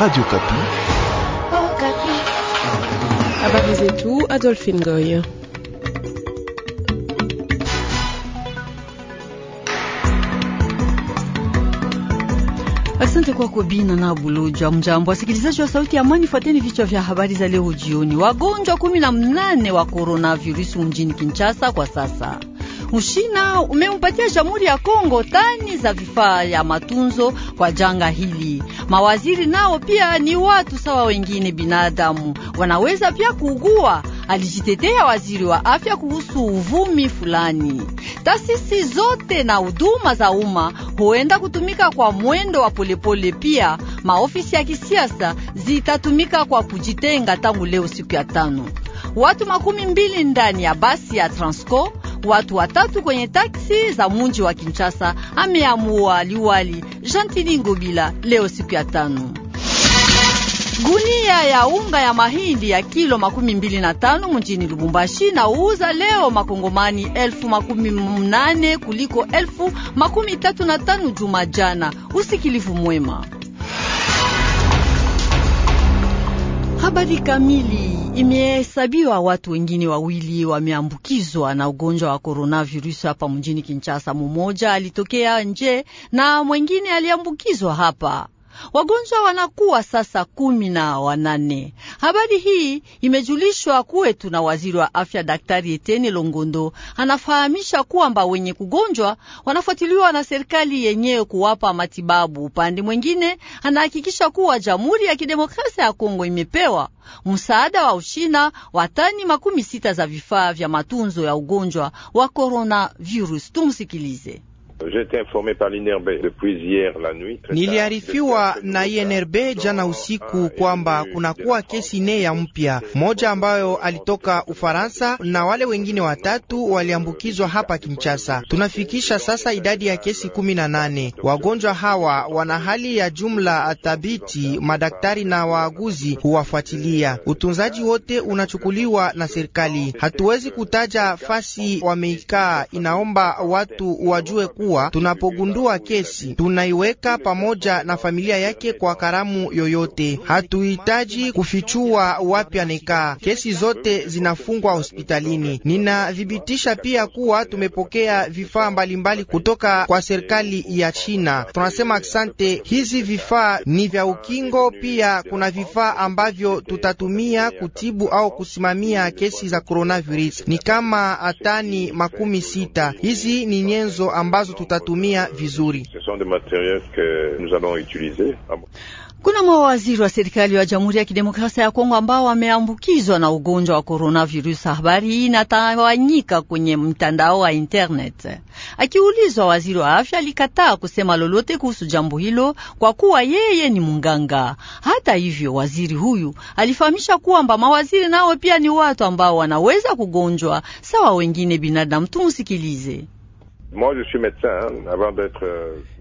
Radio Kapi. Oh, Kapi. Habari zetu Adolphe Ngoy. Asante kwako Bina na Buluja. Mjambo wasikilizaji wa Sauti ya Amani, fuateni vichwa vya habari za leo jioni. Wagonjwa kumi na mnane wa coronavirus mjini Kinshasa kwa sasa Ushina umeupatia Jamhuri ya Kongo tani za vifaa ya matunzo kwa janga hili. Mawaziri nao pia ni watu sawa wengine binadamu, wanaweza pia kuugua, alijitetea waziri wa afya kuhusu uvumi fulani. Taasisi zote na huduma za umma huenda kutumika kwa mwendo wa polepole. Pia maofisi ya kisiasa zitatumika kwa kujitenga tangu leo siku ya tano. Watu makumi mbili ndani ya basi ya Transco watu watatu kwenye taksi za munji wa Kinshasa, ameamua liwali Jantini Ngobila leo siku ya tano. Gunia ya unga ya mahindi ya kilo makumi mbili na tano mjini Lubumbashi na uuza leo makongomani elfu makumi mnane kuliko elfu makumi tatu na tano juma jana. Usikilivu mwema. Habari kamili. Imehesabiwa watu wengine wawili wameambukizwa na ugonjwa wa coronavirus hapa mjini Kinshasa. Mmoja alitokea nje na mwengine aliambukizwa hapa Wagonjwa wanakuwa sasa kumi na wanane. Habari hii imejulishwa kwetu na waziri wa afya Daktari Eteni Longondo. Anafahamisha kwamba wenye kugonjwa wanafuatiliwa na serikali yenyewe kuwapa matibabu. Upande mwingine, anahakikisha kuwa Jamhuri ya Kidemokrasia ya Kongo imepewa msaada wa ushina wa tani makumi sita za vifaa vya matunzo ya ugonjwa wa coronavirus. Tumsikilize. Niliarifiwa na INRB jana usiku kwamba kunakuwa kesi nne ya mpya, moja ambayo alitoka Ufaransa na wale wengine watatu waliambukizwa hapa Kinshasa. Tunafikisha sasa idadi ya kesi kumi na nane. Wagonjwa hawa wana hali ya jumla thabiti, madaktari na waaguzi huwafuatilia. Utunzaji wote unachukuliwa na serikali. Hatuwezi kutaja fasi wameikaa, inaomba watu wajue kuwa kuwa tunapogundua kesi tunaiweka pamoja na familia yake kwa karamu yoyote. Hatuhitaji kufichua wapi anekaa. Kesi zote zinafungwa hospitalini. Ninathibitisha pia kuwa tumepokea vifaa mbalimbali kutoka kwa serikali ya China. Tunasema asante. Hizi vifaa ni vya ukingo, pia kuna vifaa ambavyo tutatumia kutibu au kusimamia kesi za coronavirus, ni kama atani makumi sita. Hizi ni nyenzo ambazo tutatumia vizuri. Kuna mawaziri wa serikali wa Jamhuri ya Kidemokrasia ya Kongo ambao wameambukizwa na ugonjwa wa coronavirus. Habari hii inatawanyika kwenye mtandao wa internet. Akiulizwa, waziri wa afya alikataa kusema lolote kuhusu jambo hilo kwa kuwa yeye ni munganga. Hata hivyo, waziri huyu alifahamisha kwamba mawaziri nao pia ni watu ambao wanaweza kugonjwa sawa wengine binadamu. Tumsikilize.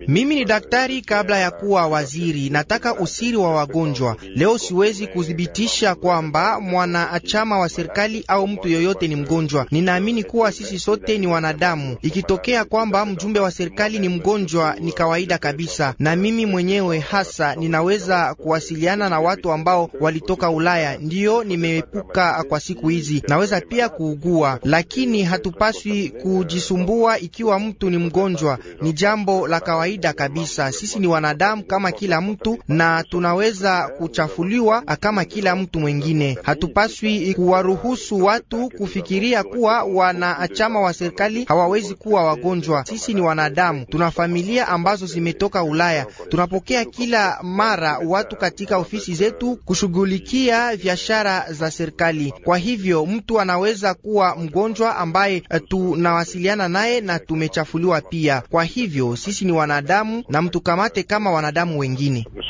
Mimi ni daktari kabla ya kuwa waziri, nataka usiri wa wagonjwa. Leo siwezi kuthibitisha kwamba mwanachama wa serikali au mtu yoyote ni mgonjwa. Ninaamini kuwa sisi sote ni wanadamu. Ikitokea kwamba mjumbe wa serikali ni mgonjwa, ni kawaida kabisa, na mimi mwenyewe hasa ninaweza kuwasiliana na watu ambao walitoka Ulaya, ndiyo nimeepuka kwa siku hizi. Naweza pia kuugua, lakini hatupaswi kujisumbua ikiwa mtu ni mgonjwa ni jambo la kawaida kabisa. Sisi ni wanadamu kama kila mtu, na tunaweza kuchafuliwa kama kila mtu mwingine. Hatupaswi kuwaruhusu watu kufikiria kuwa wanachama wa serikali hawawezi kuwa wagonjwa. Sisi ni wanadamu, tuna familia ambazo zimetoka Ulaya. Tunapokea kila mara watu katika ofisi zetu kushughulikia biashara za serikali. Kwa hivyo mtu anaweza kuwa mgonjwa ambaye tunawasiliana naye na tume tumechafuliwa pia. Kwa hivyo sisi ni wanadamu na mtukamate kama wanadamu wengine. Euh,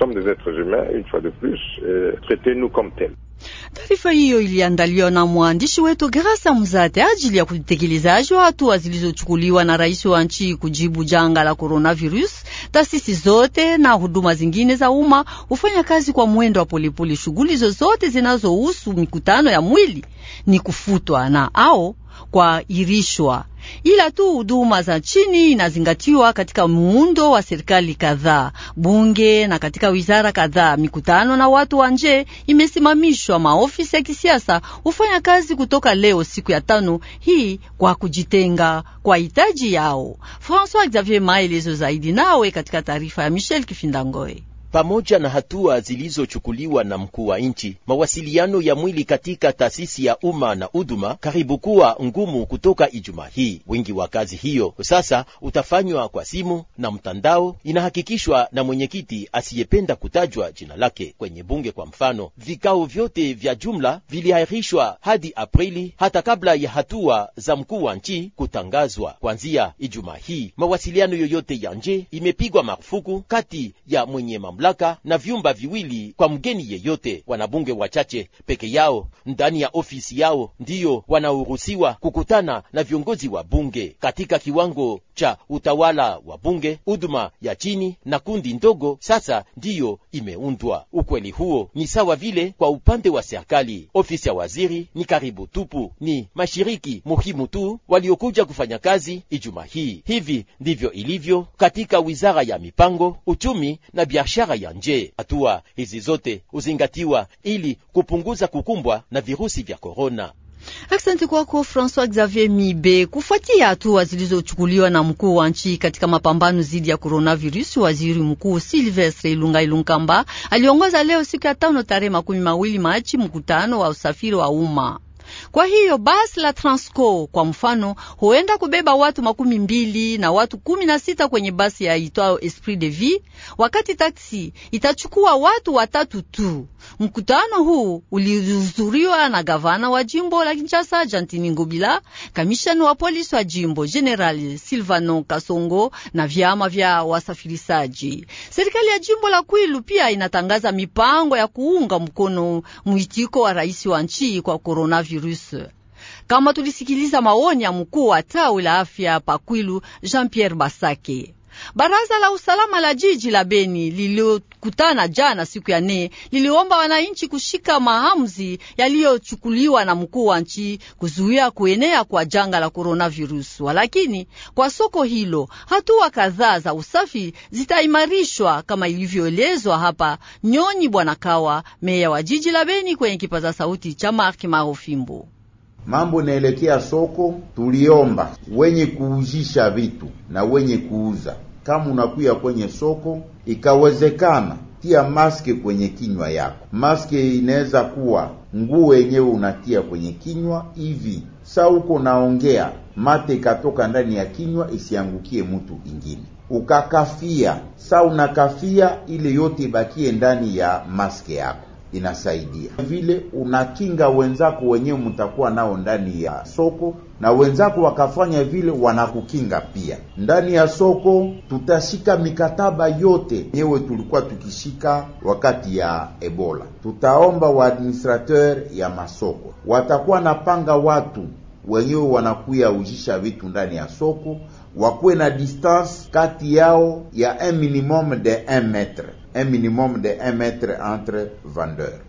Taarifa hiyo iliandaliwa na mwandishi wetu Grasa Mzate ajili ya kutekelezaji wa hatua zilizochukuliwa na rais wa nchi kujibu janga la coronavirus. Taasisi zote na huduma zingine za umma hufanya kazi kwa mwendo wa polepole. Shughuli zozote zinazohusu mikutano ya mwili ni kufutwa na ao kwa irishwa, ila tu huduma za chini inazingatiwa katika muundo wa serikali kadhaa, bunge na katika wizara kadhaa. Mikutano na watu wa nje imesimamishwa. Maofisi ya kisiasa hufanya kazi kutoka leo siku ya tano hii kwa kujitenga kwa hitaji yao. François Xavier Maelezo zaidi nawe katika taarifa ya Michel Kifindangoe pamoja na hatua zilizochukuliwa na mkuu wa nchi. Mawasiliano ya mwili katika taasisi ya umma na huduma karibu kuwa ngumu kutoka Ijumaa hii. Wingi wa kazi hiyo sasa utafanywa kwa simu na mtandao, inahakikishwa na mwenyekiti asiyependa kutajwa jina lake. Kwenye bunge kwa mfano, vikao vyote vya jumla viliahirishwa hadi Aprili, hata kabla ya hatua za mkuu wa nchi kutangazwa. Kuanzia Ijumaa hii, mawasiliano yoyote ya nje imepigwa marufuku kati ya mwenye mamlaka mamlaka na vyumba viwili kwa mgeni yeyote. Wanabunge wachache peke yao ndani ya ofisi yao ndiyo wanaoruhusiwa kukutana na viongozi wa bunge katika kiwango cha utawala wa bunge, huduma ya chini na kundi ndogo sasa ndiyo imeundwa. Ukweli huo ni sawa vile kwa upande wa serikali, ofisi ya waziri ni karibu tupu, ni mashiriki muhimu tu waliokuja kufanya kazi ijuma hii. Hivi ndivyo ilivyo katika wizara ya mipango, uchumi na biashara ya nje. Hatua hizi zote huzingatiwa ili kupunguza kukumbwa na virusi vya korona. Asante kwako Francois Xavier Mibe. Kufuatia hatua zilizochukuliwa na mkuu wa nchi katika mapambano dhidi ya coronavirus, waziri mkuu Silvestre Ilunga Ilunkamba aliongoza leo siku ya tano tarehe makumi mawili Machi mkutano wa usafiri wa umma kwa hiyo basi la Transco kwa mfano huenda kubeba watu makumi mbili na watu kumi na sita kwenye basi ya itwao Esprit de Vie, wakati taksi itachukua watu watatu tu. Mkutano huu ulihudhuriwa na gavana wa jimbo la Kinshasa Jantini Ngobila, kamishani wa polisi wa jimbo General Silvano Kasongo na vyama vya wasafirishaji. Serikali ya jimbo la Kwilu pia inatangaza mipango ya kuunga mkono mwitiko wa rais wa nchi kwa coronavirus coronavirus. Kama tulisikiliza maoni ya mkuu wa tawi la afya Pakwilu Jean Pierre Basake. Baraza la usalama la jiji la Beni lilio kutana jana siku ya nne liliomba wananchi kushika maamuzi yaliyochukuliwa na mkuu wa nchi kuzuia kuenea kwa janga la coronavirus. Walakini kwa soko hilo hatua kadhaa za usafi zitaimarishwa kama ilivyoelezwa hapa. Nyonyi Bwana Kawa, meya wa jiji la Beni, kwenye kipaza sauti cha Mark Marofimbo. Mambo inaelekea soko, tuliomba wenye kuuzisha vitu na wenye kuuza, kama unakuya kwenye soko Ikawezekana tia maski kwenye kinywa yako. Maski inaweza kuwa nguo yenyewe unatia kwenye kinywa hivi, sa uko naongea, mate ikatoka ndani ya kinywa isiangukie mtu ingine. Ukakafia, sa unakafia ile yote ibakie ndani ya maski yako inasaidia vile unakinga wenzako wenyewe mtakuwa nao ndani ya soko, na wenzako wakafanya vile wanakukinga pia ndani ya soko. Tutashika mikataba yote nyewe tulikuwa tukishika wakati ya Ebola. Tutaomba waadministrateur ya masoko watakuwa napanga watu wenyewe wanakuya ujisha vitu ndani ya soko, wakuwe na distance kati yao ya un minimum de un metre un minimum de 1 mètre entre vendeurs.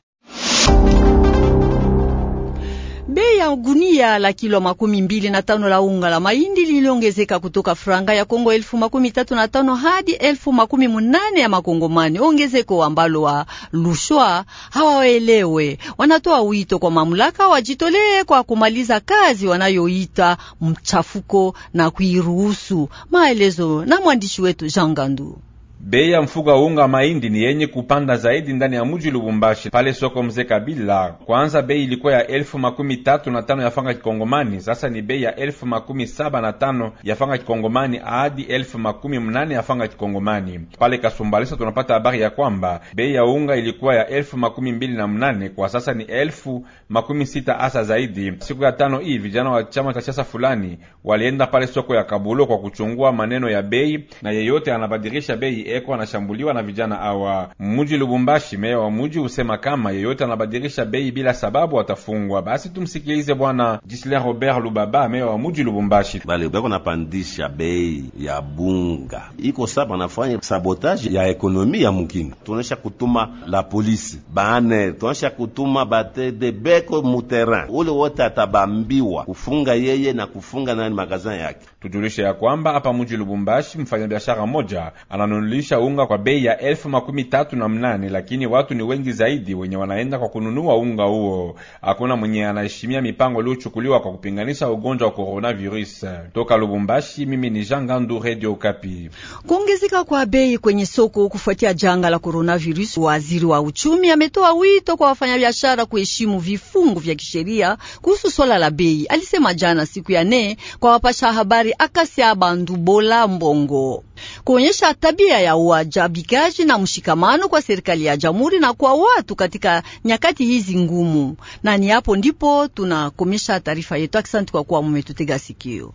Bei ya gunia la kilo makumi mbili na tano la unga la mahindi liliongezeka kutoka franga ya Kongo elfu makumi tatu na tano hadi elfu makumi munane ya Makongomani, ongezeko ambalo wa lushwa hawaelewe. Wanatoa wito kwa mamlaka wajitolee kwa kumaliza kazi wanayoita mchafuko na kuiruhusu. Maelezo na mwandishi wetu Jean Gandu. Bei ya mfuko unga mahindi ni yenye kupanda zaidi ndani ya muji Lubumbashi, pale soko mzee Kabila. Kwanza bei ilikuwa ya elfu makumi tatu na tano ya fanga kikongomani, sasa ni bei ya elfu makumi saba na tano ya fanga kikongomani hadi elfu makumi mnane ya fanga kikongomani. Pale Kasumbalesa tunapata habari ya kwamba bei ya unga ilikuwa ya elfu makumi mbili na mnane kwa sasa ni elfu makumi sita hasa zaidi. Siku ya tano hii vijana wa chama cha siasa fulani walienda pale soko ya Kabulo kwa kuchungua maneno ya bei, na yeyote anabadilisha bei eko anashambuliwa na vijana awa. Muji Lubumbashi, meya wa muji husema kama yeyote anabadilisha bei bila sababu atafungwa. Basi tumsikilize Bwana Gislain Robert Lubaba, meya wa muji Lubumbashi. Bale bako napandisha bei ya bunga iko saba, nafanya sabotage ya ekonomi ya mukini. Tunaisha kutuma la polisi bane, tunaisha kutuma batede beko muterrain ule wote atabambiwa kufunga yeye na kufunga nani magazin yake Tujulishe ya kwamba hapa mji Lubumbashi mfanyabiashara mmoja ananunulisha unga kwa bei ya elfu makumi tatu na mnane, lakini watu ni wengi zaidi wenye wanaenda kwa kununua unga huo. Hakuna mwenye anaheshimia mipango iliyochukuliwa kwa kupinganisha ugonjwa wa coronavirus. Toka Lubumbashi, mimi ni Jean Gandu, Radio Kapi. Kuongezeka kwa bei kwenye soko kufuatia janga la coronavirus, waziri wa uchumi ametoa wito kwa wafanyabiashara kuheshimu vifungu vya kisheria kuhusu swala la bei. Alisema jana siku ya nne kwa wapasha habari askari akasi abandu bandu bola mbongo kuonyesha tabia ya uajabikaji na mshikamano kwa serikali ya jamhuri na kwa watu katika nyakati hizi ngumu. Na ni hapo ndipo tunakomesha taarifa yetu. Asante kwa kuwa mumetutega sikio.